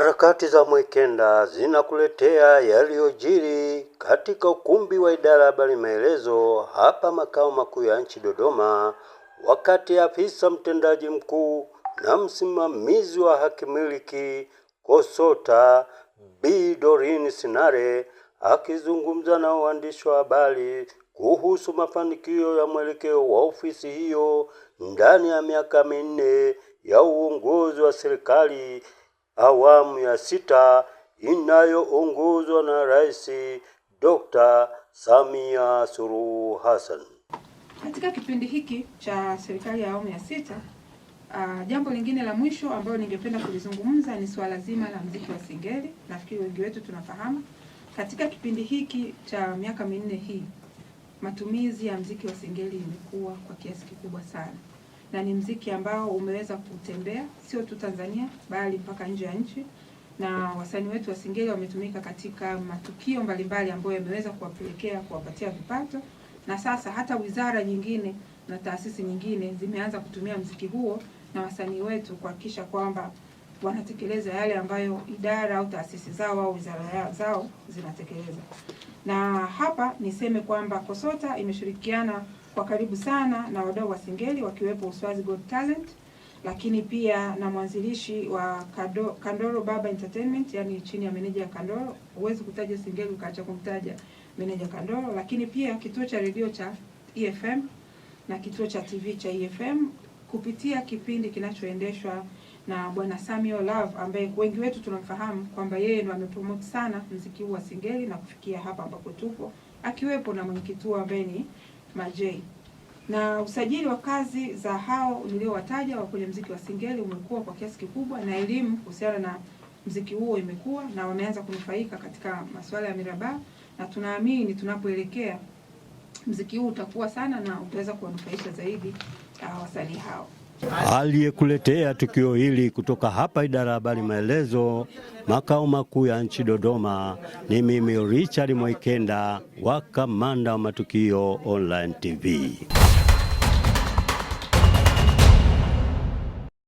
Harakati za Mwikenda zinakuletea yaliyojiri katika ukumbi wa idara ya habari Maelezo hapa makao makuu ya nchi Dodoma, wakati afisa mtendaji mkuu na msimamizi wa haki miliki KOSOTA Bi Doreen Sinare akizungumza na waandishi wa habari kuhusu mafanikio ya mwelekeo wa ofisi hiyo ndani ya miaka minne ya uongozi wa serikali awamu ya sita inayoongozwa na Rais Dr. Samia Suluhu Hassan. Katika kipindi hiki cha serikali ya awamu ya sita, uh, jambo lingine la mwisho ambayo ningependa kulizungumza ni suala zima la mziki wa Singeli. Nafikiri wengi wetu tunafahamu katika kipindi hiki cha miaka minne hii matumizi ya mziki wa Singeli imekuwa kwa kiasi kikubwa sana na ni mziki ambao umeweza kutembea sio tu Tanzania bali mpaka nje ya nchi, na wasanii wetu wa Singeli wametumika katika matukio mbalimbali ambayo yameweza kuwapelekea kuwapatia vipato, na sasa hata wizara nyingine na taasisi nyingine zimeanza kutumia mziki huo na wasanii wetu kuhakikisha kwamba wanatekeleza yale ambayo idara au taasisi zao au wizara zao zinatekeleza. Na hapa niseme kwamba KOSOTA imeshirikiana kwa karibu sana na wadau wa Singeli wakiwepo Uswazi Got Talent, lakini pia na mwanzilishi wa Kado, Kandoro Baba Entertainment, yani chini ya meneja ya Kandoro. Huwezi kutaja Singeli ukaacha kumtaja meneja Kandoro, lakini pia kituo cha redio cha EFM na kituo cha TV cha EFM kupitia kipindi kinachoendeshwa na Bwana Samuel Love ambaye wengi wetu tunamfahamu kwamba yeye ndo amepromote sana mziki huu wa Singeli na kufikia hapa ambapo tupo, akiwepo na mwenyekiti ambaye ni Majei. Na usajili wa kazi za hao niliowataja wa kwenye mziki wa Singeli umekuwa kwa kiasi kikubwa, na elimu kuhusiana na mziki huo imekuwa na wameanza kunufaika katika masuala ya mirabaa, na tunaamini tunapoelekea mziki huu utakuwa sana na utaweza kuwanufaisha zaidi uh, wasanii hao. Aliyekuletea tukio hili kutoka hapa idara ya habari maelezo, makao makuu ya nchi Dodoma, ni mimi Richard Mwaikenda wa Kamanda wa Matukio Online TV.